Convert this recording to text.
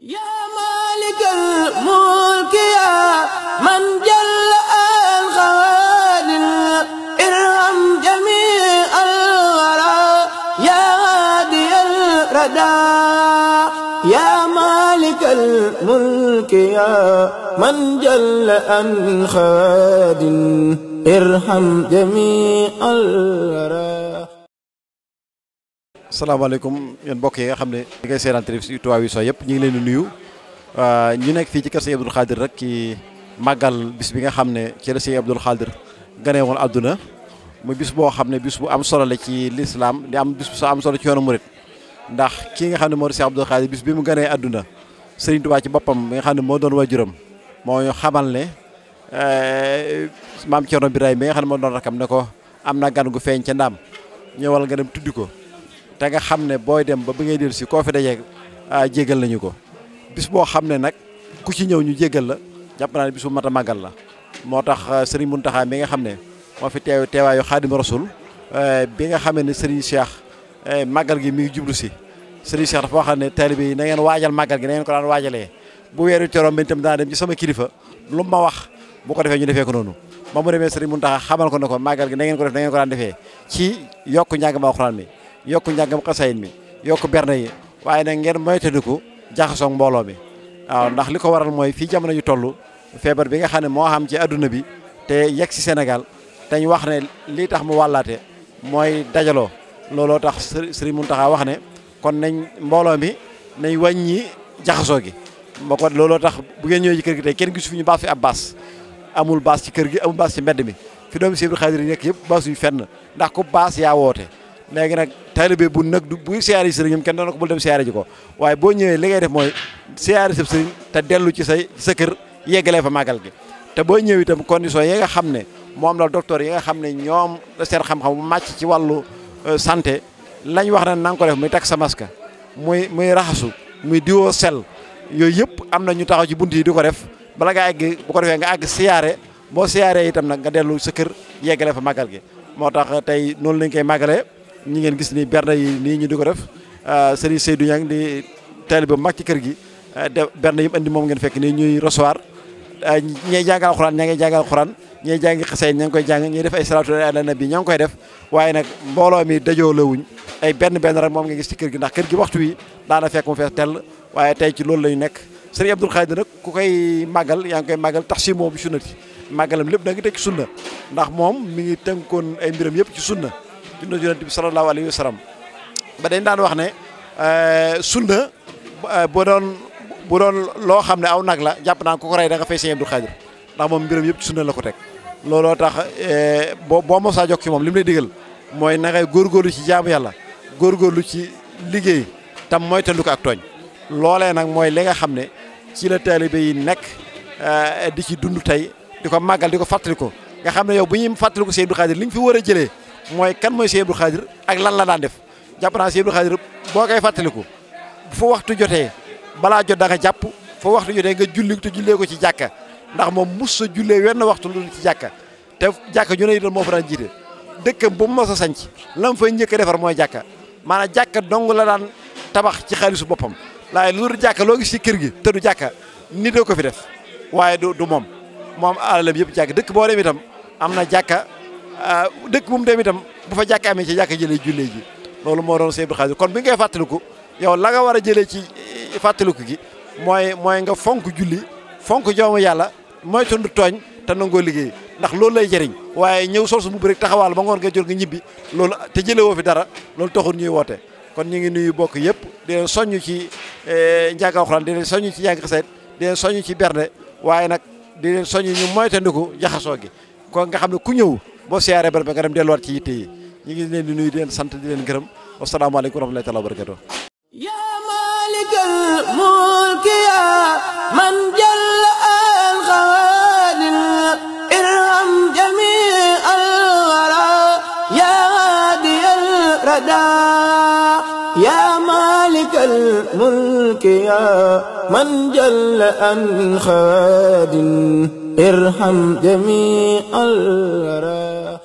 yaa maalikal mulki yaa man jalla al xawaadir irham jamii al waraa yaa haadiyal radaa yaa maalikal mulki yaa man jalla al xawaadir irham jamii al waraa salaamaaleykum yéen mbokk yi nga xam ne di ngay seetaan télévision Touba Vision ñu ngi leen di nuyu euh, ñu nekk fii ci kër Sëñ Abdoul Khadir rek ci màggal bis bi nga xam ne ci la Sëñ Abdoul Khadir gane woon àdduna mu bis boo xam ne bis bu am solo la ci lislaam di am bis bu am solo ci yoonu murit ndax kii nga xam ne moo di Sëñ bis bi mu ganee àdduna Sëriñ Touba ci boppam bi nga xam ne moo doon waajuram moo ñu xamal ne euh, maam Thierno Birahim bi nga xam ne moo doon rakam ne ko am na gan gu feeñ ca ndaam ñëwal nga dem tuddi ko te nga xam ne booy dem ba bi ngay dellu si koo fi dajee ah, jégal nañu ko bis boo xam ne nag ku ci ñëw ñu jégal la jàpp naa ne bisu mat a màggal la moo tax ah, sëriñ Muntaxa mi nga xam ne moo fi teew teewaayu xaadim rasul eh, bi nga xamee ne sëriñ Cheikh eh, màggal gi mi ngi jublu si sëriñ Cheikh dafa ne taalibe yi na ngeen waajal màggal gi na ko daan waajalee bu weeru coroom bi itam dana dem ci sama kilifa lu ma wax bu ko defee ñu defee ko noonu ba mu demee sëriñ Muntaxa xamal ko ne ko màggal gi na ngeen ko def na ko daan defee ci yokk njàng ma alxuraan mi yokk njàngam xasayit mi yokk berne yi waaye nag ngeen moytandiku jaxasoog mbooloo mi waaw ndax li ko waral mooy fii jamono yu toll feebar bi nga xam ne moo xam ci adduna bi te yegg si senegal dañ wax ne lii tax mu wàllaate mooy dajaloo looloo tax mun Mountakha wax ne kon nañ mbooloo mi nañ wàññi jaxasoo gi ba ko looloo tax bu ngeen ñëwee ci kër gi tey kenn gisu fi ñu baas fi ab baas amul baas ci kër gi amul baas ci mbedd mi fi doomu Sëriñ Xaadir yi nekk yëpp baasuñu fenn ndax ku baas yaa woote léegi nag taalibe bu nag bu siyaare yi sëriñam kenn doona ko bul dem siyaare ji ko waaye boo ñëwee li ngay def mooy siyaare sab sëriñ te dellu ci say sa kër yeggalee fa magal gi te boo ñëwee itam yi nga xam ne moom la docteur yi nga xam ne ñoom seen xam-xam màcc ci wàllu euh, santé lañ wax na nga muy takk sa muy muy raxasu muy diwoo sel yooyu yëpp am na ñu taxaw ci bunt yi di ko def bala nga bu ko defee àgg siyaare boo siyaaree itam nag nga dellu sa kër yeggale fa màggal gi moo tax tey noonu lañ koy màggalee ñu ngeen gis ni berne yi nii ñu di ko def ah, sëriñ Seydou Niang di taalibe bu mag ci kër gi ah, de berne yi mu indi moom ngeen fekk nii ñuy recevoir ah, ñee jàngal xuraan ñaa ngi jàngal xuraan ñee jàngi xasee ña ngi koy jàng ñuy def ay salaatu ala nabi ña ngi koy def waaye nag mbooloo mi dajoo lawuñ ay benn benn rek moom nga gis ci kër gi ndax kër gi waxtu wi daana fekk mu fees tell waaye tey ci loolu lañu nekk sëriñ Abdul Xaadir nag ku koy màggal yaa ngi koy màggal tax si moom sunnati màggalam lépp da nga teg ci sunna ndax moom mi ngi tënkoon ay mbiram yëpp ci sunna di yonent bi sallallahu alayhi wa sallam ba dañ daan wax ne eh, sunna eh, bu doon bu doon loo xam ne aw nag la jàpp naa ko ko rey danga nga fay sëñ Abdou Khadir ndax moom mbiram yëpp sunna la ko teg looloo tax eh, boo boo mosaa jokk ci moom li mu lay digal mooy na ngay góorgóorlu ci jaamu yàlla góorgóorlu ci liggéey tam mooy tandu ak tooñ loolee nag mooy li nga xam ne ci la taalibe yi nekk di ci dund tey di ko màggal di ko fàttali ko nga xam ne yow bu ñuy fàttali ko Seydou Khadir li nga fi war a jëlee mooy kan mooy Sëñ Abdou Khadir ak lan la daan def jàpp naa Sëñ Abdou boo koy fàttaliku fu waxtu jotee balaa jot da nga jàpp fu waxtu jotee nga julli te jullee ko ci jàkka ndax moom mus sa jullee wenn waxtu lu ci jàkka te jàkka ñu ne itam moo fa daan jiite dëkkam bu mu mos a sanc lam fay njëkk defar mooy jàkka maanaam jàkka dong la daan tabax ci xaalisu boppam laay lu dul jàkka loo gi te du jàkka nit doo ko fi def waaye du du moom moom alalam yëpp jàkka dëkk boo dem itam am na jàkka Ah, dëkk bu mu dem itam bu fa jàkk amee ci jàkk jëlee jullee ji loolu moo doon seebu xaadir kon bi ngay fàttaliku yow la nga war a jëlee ci eh, fàttaliku gi mooy mooy nga fonk julli fonk joomu yàlla mooy tund tooñ te nangoo liggéey ndax loolu lay jëriñ waaye ñëw sol su mbubb rek taxawaal ba ngoon nga jot nga ñibbi loolu te jëlee woo fi dara loolu taxul ñuy woote kon ñu ngi nuy bokk yëpp di soññu ci eh, njàng alxuraan di soññu soññ ci njàng xaseet di leen ci berne waaye nag di leen ñu moytandiku jaxasoo gi kon nga xam ne ku ñëw boo siyaaree barab nga dem delluwaat ci yitte yi ñu ngi leen di nuyu di leen sant di leen gërëm wasalaamaaleykum wa rahmatullahi taala wa barakatu yaa malikal mulki yaa man jalla al xawadin irham jami al wara yaa haadi al rada الملك يا من جل أن خاد ارحم جميع الورى